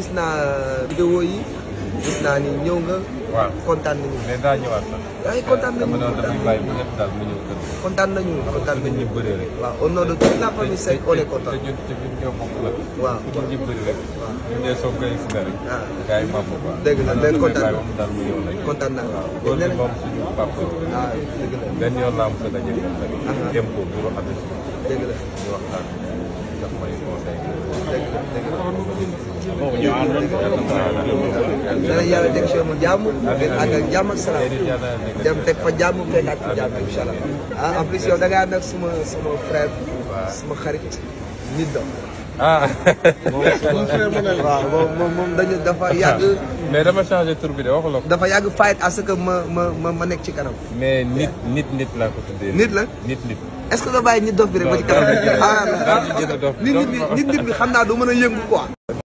gis naa vidéo yi gis naa ni ñëw nga. waaw kontaan nañu. mais daa ñëwaat sax. yaa ngi kontaan nañu dama doon damay bàyyi bu nekk daal mu ñëw kër. kontaan nañu kontaan nañu bëree rek. waaw au nom de toute la famille Seck on est content. te ñun te ñun ñoo bokk la. waaw ku ñu bëri rek. waaw ñu ne soo koy si rek. waaw ah. gars yi maam ko quoi. dëgg la leen kontaan naa daal mu ñëw rek. kontaan naa waaw loolu moom suñu papa. waaw ah, dëgg la benn yoon laa am fa daje moom rek. Ah. dem ko bu rafetlu. dëgg la ñu waxtaan ndax may conseil. dëgg la dëgg la danañ yàlla teg si ma jàmm ak ak jàmm ak salaam dem teg fa jàmm suma suma frère suma xarit nit dox ah. waaw moom moom dafa yàgg. mais dama changé tur dafa yàgg fight à que ma ma ma nekk ci kanam. mais nit nit nit laa ko tuddee. nit la nit nit. est ce que doo bàyyi nit dof bi rek ba nit nit bi xam naa du mën a yëngu quoi.